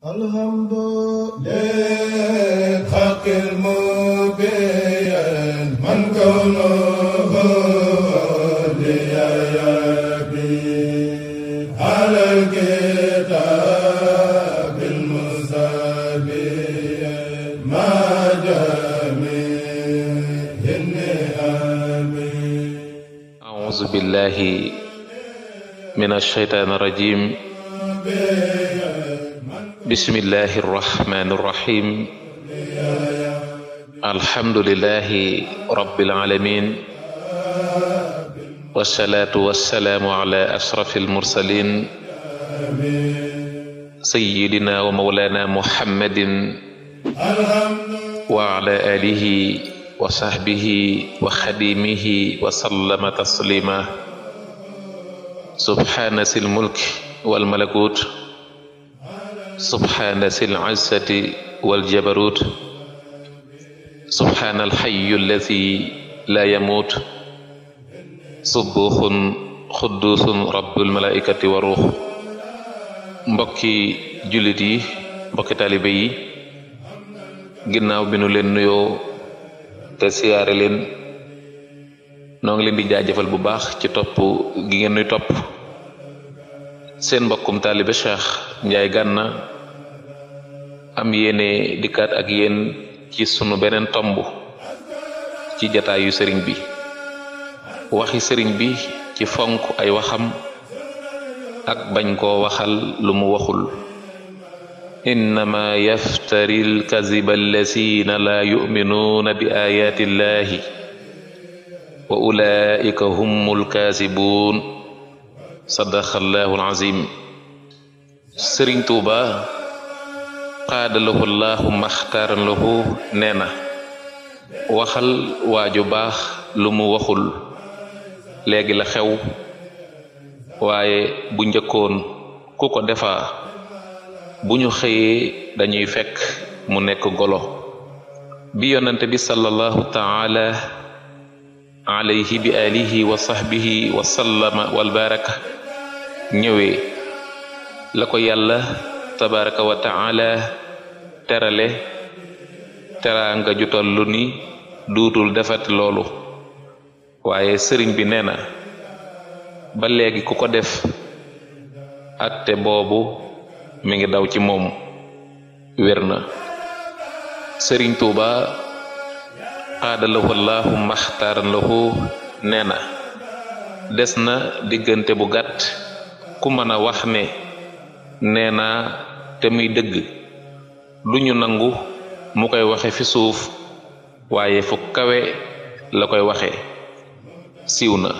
الحمد للحق المبين من كونه ليبي على الكتاب المستبين ما جميع النعم أعوذ بالله من الشيطان الرجيم bismillahi irrahmani irrahim alhamdulilahi rabbil alamin wasalaatu wasalaamu ala ashrafil mursalin sayyidina wa mawlana muhammadin wa ala alihi wa sahbihi wa xadimihi wa sallama taslima subhaana sil mulk wal malakut subhaana sil izzati wal jabarut subhaana alxayu alladi laa yamuut subuuxun xudduusun rabbul malaikati wa mbokki jullit yi mbokki taalibe yi ginnaaw bi nu leen nuyoo te siyaare leen noo ngi leen di jaajëfal bu baax ci topp gi ngeen nuy topp seen mbokkum taalibe Cheikh njaay gànna am yéene dikkaat ak yenn ci sunu beneen tomb ci jataayu sëriñ bi waxi sëriñ bi ci fonk ay waxam ak bañ koo waxal lu mu waxul innama yaftari alkaziba allazina laa yuminuuna bi ayaati illahi wa ulaika humul kaasibuun sadaqallahu alazim sëriñ tuuba xaadalahu laahu maxtaaran lahu nee na waxal waaju baax lu mu waxul léegi la xew waaye bu njëkkoon ku ko defaa bu ñu xëyee dañuy fekk mu nekk golo bi yonante bi sallallahu taala alayhi bi alihi wa sahbihi wa sallama walbaraka ñëwee la ko yàlla tabaraka wa terale teraanga ju tollu ni duutul defat loolu waaye sëriñ bi nee na ba léegi ku ko def atte boobu mu ngi daw ci moom wér na sëriñ tuuba xaadalahu allahu maxtaaran lahu nee na des na diggante bu gàtt ku mën a wax ne nee naa te muy dëgg lu ñu nangu mu koy waxe fi suuf waaye fu kawe la koy waxe siiw na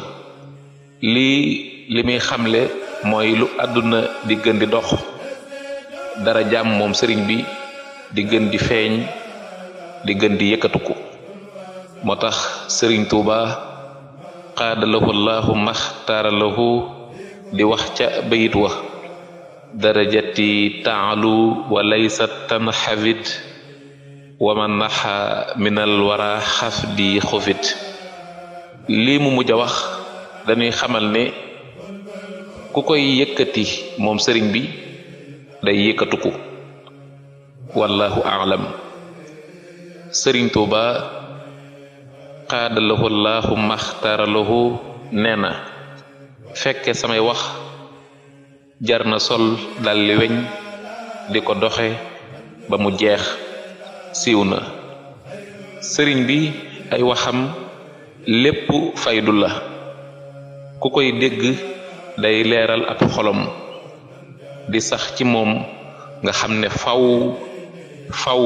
lii li muy xamle mooy lu àdduna di gën di dox dara jàmm moom sëriñ bi di gën di feeñ di gën di yëkkatuku moo tax sëriñ tuuba xaadalahu allahu maxtaaralahu di wax ca bayit wa darajati taalu wa laysat tanxafid wa man naxa minal wara xaf di xufit lii mu mujj a wax dañuy xamal ne ku koy yëkkati moom sëriñ bi day yëkkatuku wallahu aalam sëriñ tuuba xaadalahu allahu maxtaralahu nee na fekke samay wax jar na sol dalli weñ di ko doxe ba mu jeex siiw na sëriñ bi ay waxam lépp faydu la ku koy dégg day leeral ab xolom di sax ci moom nga xam ne faw faw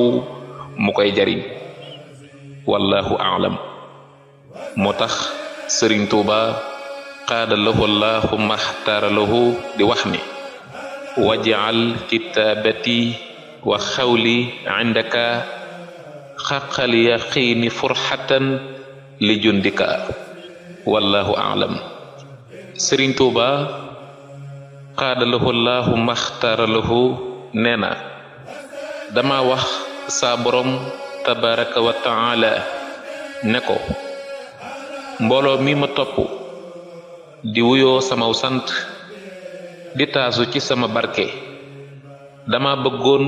mu koy jariñ wallahu aalam moo tax sëriñ Tuuba qaada lahu allahu maxtaara lahu di wax ni wajal kitaabati wa xawli indaka xaqal yaqiini furxatan li jundika wallahu alam sëriñ tuuba qaada lahu allahu maxtaara lahu nee na dama wax saa borom tabaraka wa taala ne ko mbooloo mi ma topp di wuyoo samaw sant di taasu ci sama barke dama bëggoon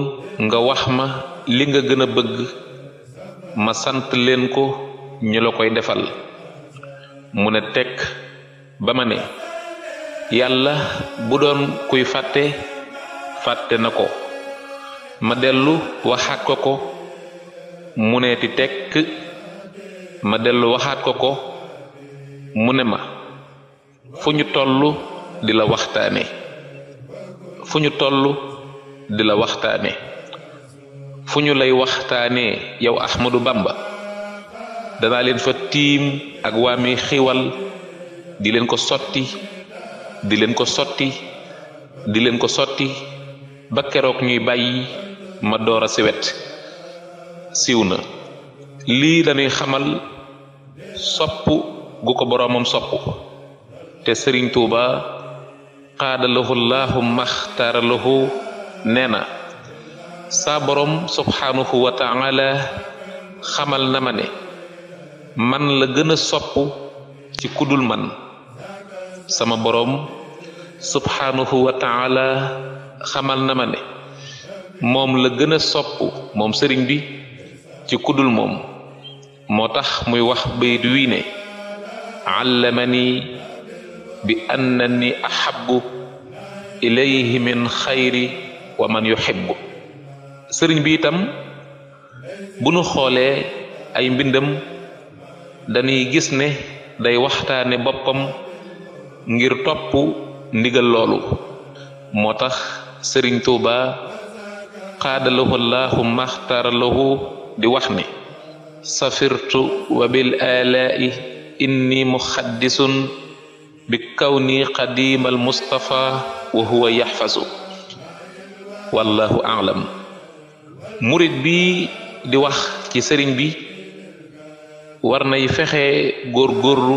nga wax ma li nga gën a bëgg ma sant leen ko ñu la koy defal mu ne tekk ba ma ne yàlla bu doon kuy fàtte fàtte na ko ma dellu waxaat ko ko mu ne ti tekk ma dellu waxaat ko ko mu ne ma fu ñu toll di la waxtaane fu ñu toll di la waxtaane fu ñu lay waxtaanee yow Ahmadou Bamba danaa leen fa tiim ak waa mi xiwal di leen ko sotti di leen ko sotti di leen ko sotti ba keroog ñuy bàyyi ma door a siwet siw na lii lañuy xamal sopp gu ko boroomam sopp te sëriñ tuuba xaadalahu laahu maxtaaralahu nee na saa boroom subhaanahu wa xamal na ma ne man la gën a sopp ci kudul man sama boroom subhaanahu wa xamal na ma ne moom la gën a sopp moom sëriñ bi ci kudul moom moo tax muy wax bayit wii allamani bi ni ahabbu ilayhi min xayri wa man yuhibbu sëriñ bi itam bu nu xoolee ay mbindam dañuy gis ne day waxtaane boppam ngir topp ndigal loolu moo tax sëriñ tuuba qaadalahu llahu maxtaralahu di wax ni safirtu wa bil alaa'i inni muxaddisun بكوني قديم المصطفى وهو يحفظ والله أعلم murit bi di wax ci sëriñ bi war nay fexe góor góorgóorlu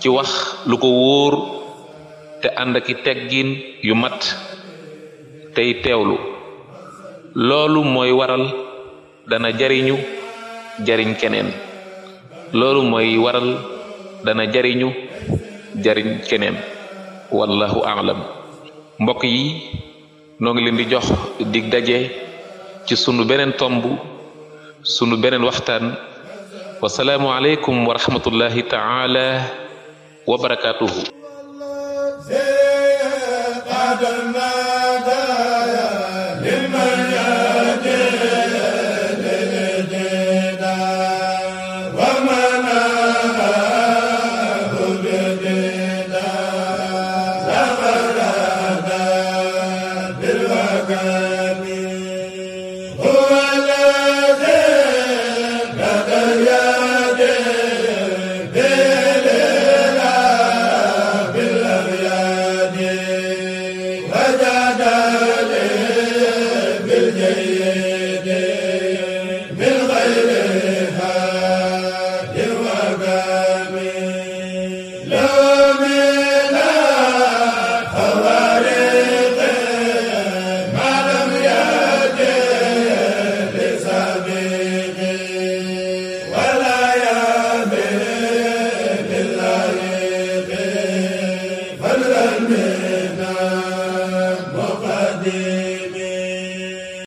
ci wax lu ko wóor te ànd aki teggin yu mat tey teewlu loolu mooy waral dana jariñu jariñ keneen loolu mooy waral dana jariñu jariñ keneen wallahu aalam mbokk yi noo ngi leen di jox dig daje ci sunu beneen tomb sunu beneen waxtaan wasalaamu aleykum wa rahmatullahi taala wa barakaatuhu hada